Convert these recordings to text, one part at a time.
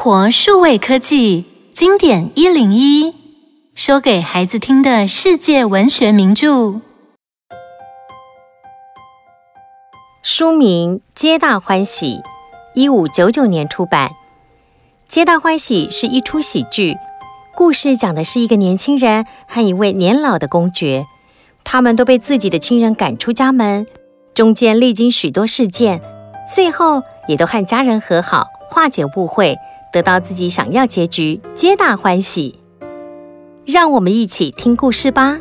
聲活數位科技經典一零一，說給孩子聽的世界文學名著。書名《皆大歡喜》，一五九九年出版。《皆大歡喜》是一出喜劇，故事講的是一個年輕人和一位年老的公爵，他們都被自己的親人趕出家門，中間歷經許多事件，最後也都和家人和好，化解誤會。得到自己想要結局，皆大歡喜。讓我們一起聽故事吧。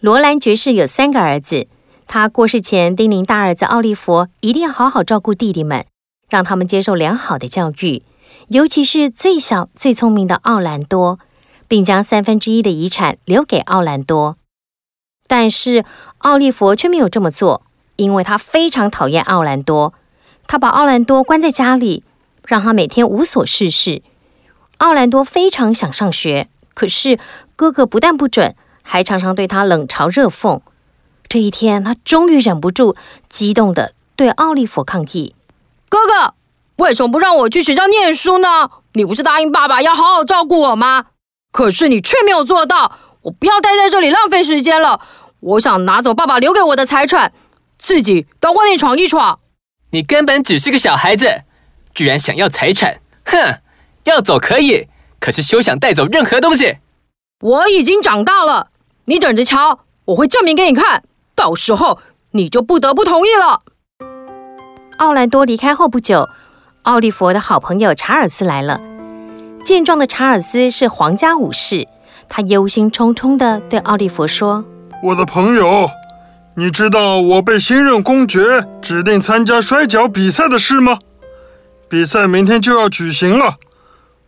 羅蘭爵士有三個兒子，他過世前叮嚀大兒子奧利弗一定要好好照顧弟弟們，讓他們接受良好的教育，尤其是最小、最聰明的奧蘭多，並將三分之一的遺產留給奧蘭多。但是奧利弗卻沒有這麼做。因為他非常討厭奧蘭多，他把奧蘭多關在家裡，讓他每天無所事事。奧蘭多非常想上學，可是哥哥不但不准，還常常對他冷嘲熱諷。這一天，他終於忍不住，激動地對奧利弗抗議：“哥哥，為什麼不讓我去學校念書呢？你不是答應爸爸要好好照顧我嗎？可是你卻沒有做到。我不要待在這裡浪費時間了，我想拿走爸爸留給我的財產。”自己到外面闖一闖！你根本只是個小孩子，居然想要財產！哼，要走可以，可是休想帶走任何東西！我已經長大了，你等着瞧，我會證明給你看。到時候你就不得不同意了。奧蘭多離開後不久，奧利弗的好朋友查爾斯來了。健壯的查爾斯是皇家武士，他憂心忡忡地對奧利弗說：“我的朋友。”你知道我被新任公爵指定參加摔跤比賽的事嗎？比賽明天就要舉行了，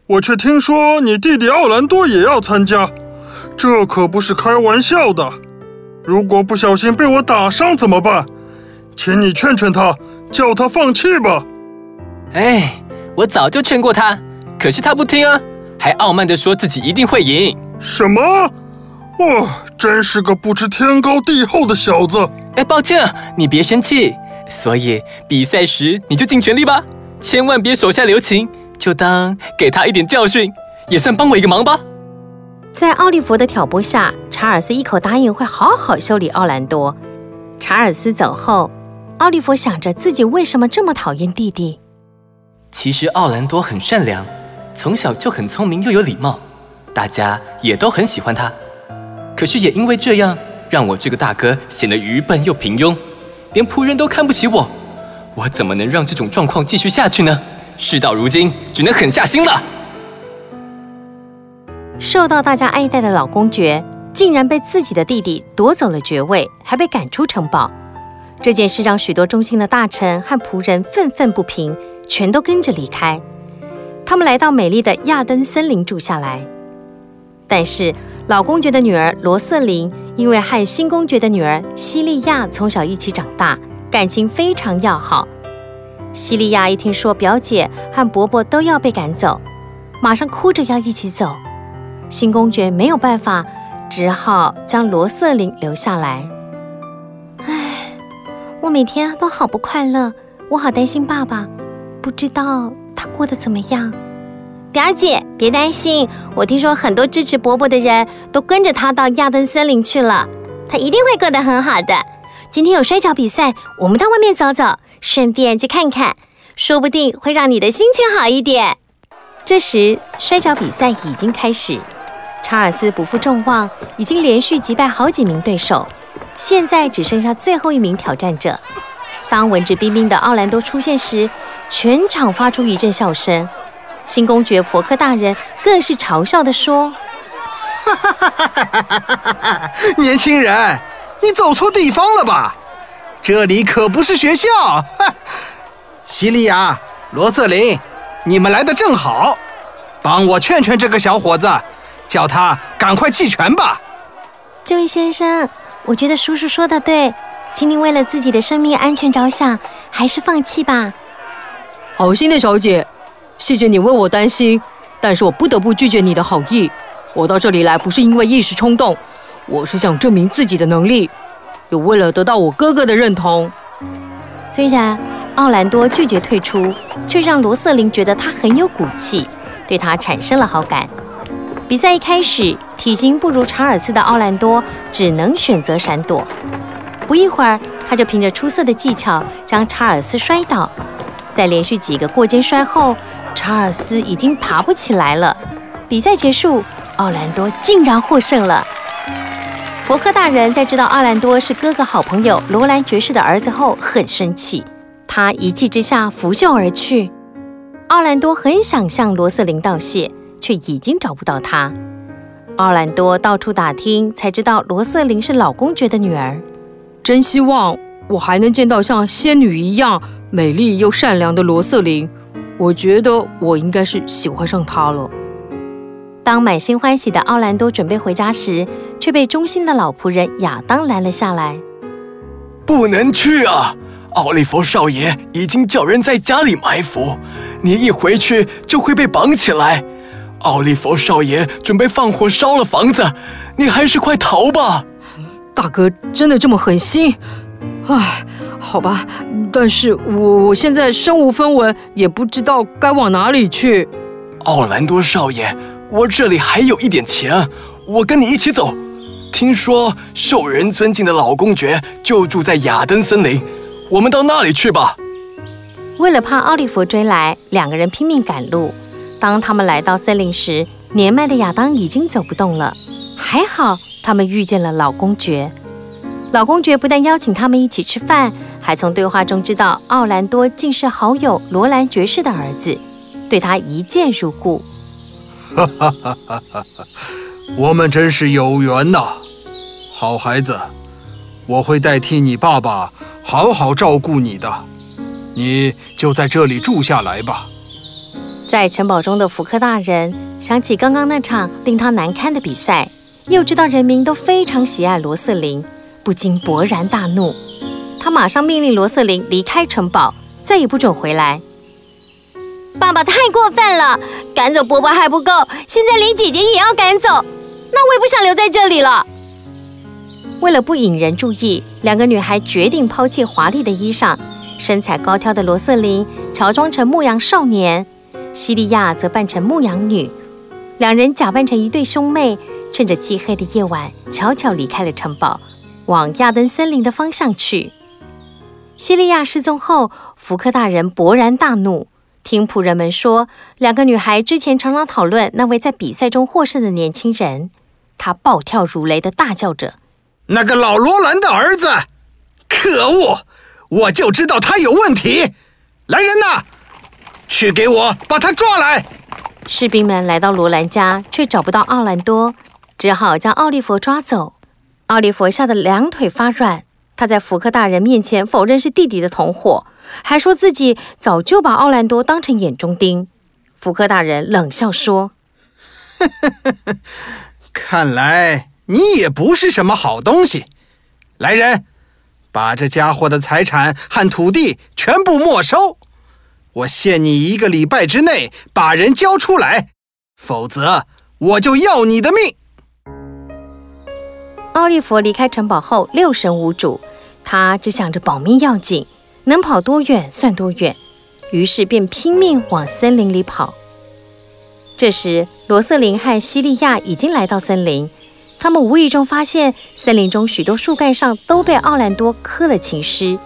我卻聽說你弟弟奧蘭多也要參加，這可不是開玩笑的。如果不小心被我打傷怎麼辦？請你勸勸他，叫他放棄吧。哎，我早就勸過他，可是他不聽啊，還傲慢地說自己一定會贏。什麼？哇、哦，真是個不知天高地厚的小子！哎，抱歉，你別生氣。所以比賽時你就盡全力吧，千萬別手下留情，就當給他一點教訓，也算幫我一個忙吧。在奧利弗的挑撥下，查爾斯一口答應會好好修理奧蘭多。查爾斯走後，奧利弗想着自己為什麼這麼討厭弟弟。其實奧蘭多很善良，從小就很聰明又有禮貌，大家也都很喜歡他。可是也因為這樣，讓我這個大哥顯得愚笨又平庸，連僕人都看不起我。我怎麼能讓這種狀況繼續下去呢？事到如今，只能狠下心了。受到大家愛戴的老公爵，竟然被自己的弟弟奪走了爵位，還被趕出城堡。這件事讓許多忠心的大臣和僕人憤憤不平，全都跟着離開。他們來到美麗的亞登森林住下來，但是……老公爵的女兒羅瑟琳，因為和新公爵的女兒西利亞從小一起長大，感情非常要好。西利亞一聽說表姐和伯伯都要被趕走，馬上哭着要一起走。新公爵沒有辦法，只好將羅瑟琳留下來。唉，我每天都好不快樂，我好擔心爸爸，不知道他過得怎麼樣。表姐，別擔心，我聽說很多支持伯伯的人都跟着他到亞登森林去了，他一定會過得很好的。今天有摔跤比賽，我們到外面走走，順便去看看，說不定會讓你的心情好一點。這時，摔跤比賽已經開始，查爾斯不負眾望，已經連續擊敗好幾名對手，現在只剩下最後一名挑戰者。當文質彬彬的奧蘭多出現時，全場發出一陣笑聲。新公爵佛克大人更是嘲笑地說：“ 年輕人，你走錯地方了吧？這裡可不是學校。 ”西利亞、羅瑟琳，你們來得正好，幫我勸勸這個小伙子，叫他趕快棄權吧。這位先生，我覺得叔叔說得對，請您為了自己的生命安全着想，還是放棄吧。好心的小姐。謝謝你為我擔心，但是我不得不拒絕你的好意。我到這裡來不是因為一時衝動，我是想證明自己的能力，又為了得到我哥哥的認同。雖然奧蘭多拒絕退出，卻讓羅瑟琳覺得他很有骨氣，對他產生了好感。比賽一開始，體型不如查爾斯的奧蘭多只能選擇閃躲，不一會兒，他就憑着出色的技巧將查爾斯摔倒，在連續幾個過肩摔後，查爾斯已經爬不起來了。比賽結束，奧蘭多竟然獲勝了。佛克大人在知道奧蘭多是哥哥好朋友羅蘭爵士的兒子後，很生氣，他一氣之下拂袖而去。奧蘭多很想向羅瑟琳道謝，卻已經找不到她。奧蘭多到處打聽，才知道羅瑟琳是老公爵的女兒。真希望我還能見到像仙女一樣美麗又善良的羅瑟琳。我覺得我應該是喜歡上他了。當滿心歡喜的奧蘭多準備回家時，卻被忠心的老僕人亞當攔了下來。不能去啊！奧利弗少爺已經叫人在家裡埋伏，你一回去就會被綁起來。奧利弗少爺準備放火燒了房子，你還是快逃吧！大哥真的這麼狠心？唉。好吧，但是我我現在身無分文，也不知道該往哪裡去。奧蘭多少爺，我這裡還有一點錢，我跟你一起走。聽說受人尊敬的老公爵就住在亞登森林，我們到那裡去吧。為了怕奧利弗追來，兩個人拼命趕路。當他們來到森林時，年邁的亞當已經走不動了。還好，他們遇見了老公爵。老公爵不但邀請他們一起吃飯。還從對話中知道奧蘭多竟是好友羅蘭爵士的兒子，對他一見如故。 我們真是有緣吶！好孩子，我會代替你爸爸好好照顧你的，你就在這裡住下來吧。在城堡中的福克大人想起剛剛那場令他難堪的比賽，又知道人民都非常喜愛羅瑟琳，不禁勃然大怒。他馬上命令羅瑟琳離開城堡，再也不准回來。爸爸太過分了，趕走伯伯還不夠，現在連姐姐也要趕走，那我也不想留在這裡了。為了不引人注意，兩個女孩決定拋棄華麗的衣裳，身材高挑的羅瑟琳喬裝成牧羊少年，西利亞則扮成牧羊女，兩人假扮成一對兄妹，趁着漆黑的夜晚，悄悄離開了城堡，往亞登森林的方向去。.西利亞失蹤後，福克大人勃然大怒。聽僕人們說，兩個女孩之前常常討論那位在比賽中獲勝的年輕人。他暴跳如雷地大叫着：“那個老羅蘭的兒子！可惡！我就知道他有問題！”來人吶，去給我把他抓來！士兵們來到羅蘭家，卻找不到奧蘭多，只好將奧利弗抓走。奧利弗嚇得兩腿發軟。他在福克大人面前否認是弟弟的同夥，還說自己早就把奧蘭多當成眼中釘。福克大人冷笑說：“ 看來你也不是什麼好東西。”來人，把這家伙的財產和土地全部沒收！我限你一個禮拜之內把人交出來，否則我就要你的命！奧利弗離開城堡後，六神無主。他只想着保命要緊，能跑多遠算多遠，於是便拼命往森林裡跑。這時，羅瑟琳和西利亞已經來到森林，他們無意中發現森林中許多樹幹上都被奧蘭多刻了情詩，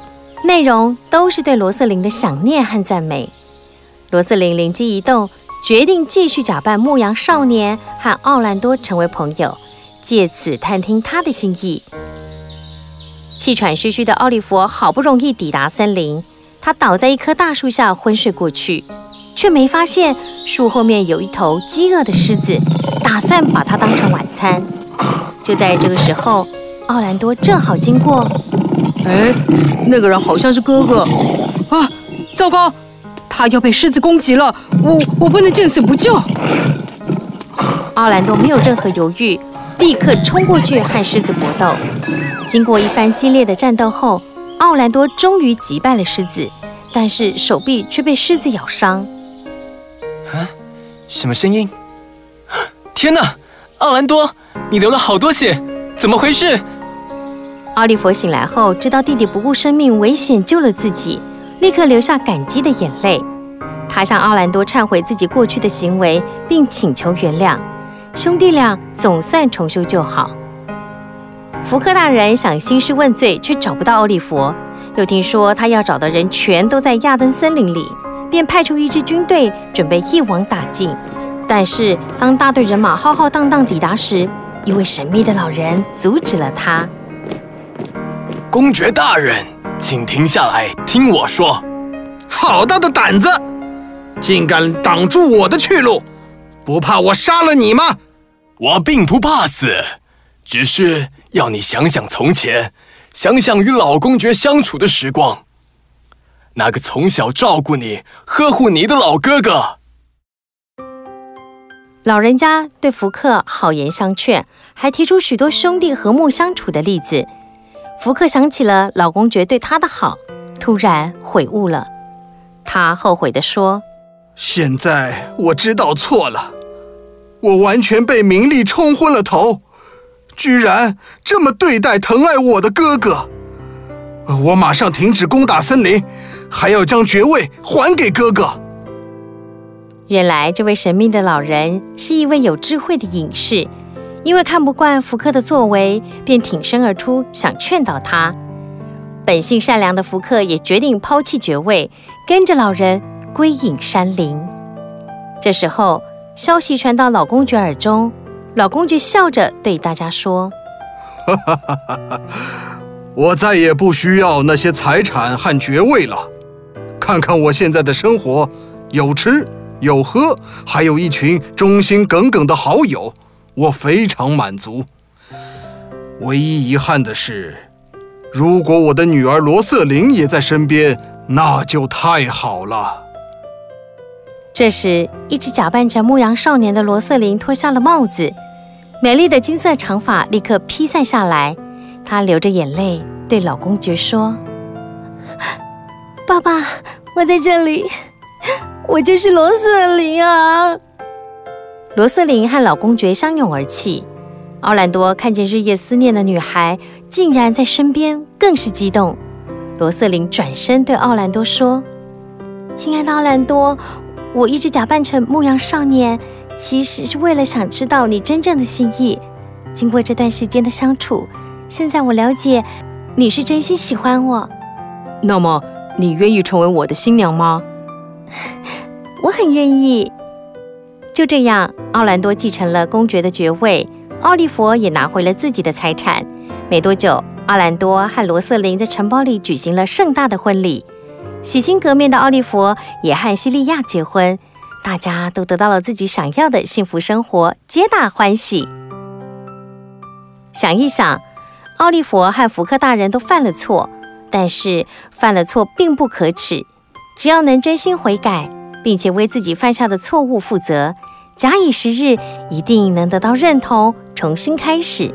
內容都是對羅瑟琳的想念和讚美。羅瑟琳靈機一動，決定繼續假扮牧羊少年和奧蘭多成為朋友，借此探聽他的心意。氣喘吁吁的奧利弗好不容易抵達森林，他倒在一棵大樹下昏睡過去，卻沒發現樹後面有一頭飢餓的獅子，打算把它當成晚餐。就在這個時候，奧蘭多正好經過。哎，那個人好像是哥哥啊！糟糕，他要被獅子攻擊了！我我不能見死不救。奧蘭多沒有任何猶豫，立刻衝過去和獅子搏鬥。經過一番激烈的戰鬥後，奧蘭多終於擊敗了獅子，但是手臂卻被獅子咬傷。啊？什麼聲音？天哪！奧蘭多，你流了好多血，怎麼回事？奧利弗醒來後，知道弟弟不顧生命危險救了自己，立刻流下感激的眼淚。他向奧蘭多懺悔自己過去的行為，並請求原諒。兄弟倆總算重修舊好。福克大人想興師問罪，卻找不到奧利弗，又聽說他要找的人全都在亞登森林裡，便派出一支軍隊，準備一網打盡。但是當大隊人馬浩浩蕩蕩抵達時，一位神祕的老人阻止了他：“公爵大人，請停下來，聽我說。好大的膽子，竟敢擋住我的去路，不怕我殺了你嗎？我並不怕死，只是……”要你想想從前，想想與老公爵相處的時光，那個從小照顧你、呵護你的老哥哥。老人家對福克好言相勸，還提出許多兄弟和睦相處的例子。福克想起了老公爵對他的好，突然悔悟了。他後悔地說：“現在我知道錯了，我完全被名利沖昏了頭。”居然這麼對待疼愛我的哥哥，我馬上停止攻打森林，還要將爵位還給哥哥。原來這位神秘的老人是一位有智慧的隱士，因為看不慣福克的作為，便挺身而出，想勸導他。本性善良的福克也決定拋棄爵位，跟着老人歸隱山林。這時候，消息傳到老公爵耳中。老公爵笑着對大家說：“ 我再也不需要那些財產和爵位了。看看我現在的生活，有吃有喝，還有一群忠心耿耿的好友，我非常滿足。唯一遺憾的是，如果我的女兒羅瑟琳也在身邊，那就太好了。”這時，一直假扮着牧羊少年的羅瑟琳脫下了帽子，美麗的金色長髮立刻披散下來。她流着眼淚對老公爵說：“爸爸，我在這裡，我就是羅瑟琳啊！”羅瑟琳和老公爵相擁而泣。奧蘭多看見日夜思念的女孩竟然在身邊，更是激動。羅瑟琳轉身對奧蘭多說：“親愛的奧蘭多。”我一直假扮成牧羊少年，其實是為了想知道你真正的心意。經過這段時間的相處，現在我了解，你是真心喜歡我。那麼，你願意成為我的新娘嗎？ 我很願意。就這樣，奧蘭多繼承了公爵的爵位，奧利弗也拿回了自己的財產。沒多久，奧蘭多和羅瑟琳在城堡裡舉行了盛大的婚禮。洗心革面的奧利弗也和西利亞結婚，大家都得到了自己想要的幸福生活，皆大歡喜。想一想，奧利弗和福克大人都犯了錯，但是犯了錯並不可恥，只要能真心悔改，並且為自己犯下的錯誤負責，假以時日，一定能得到認同，重新開始。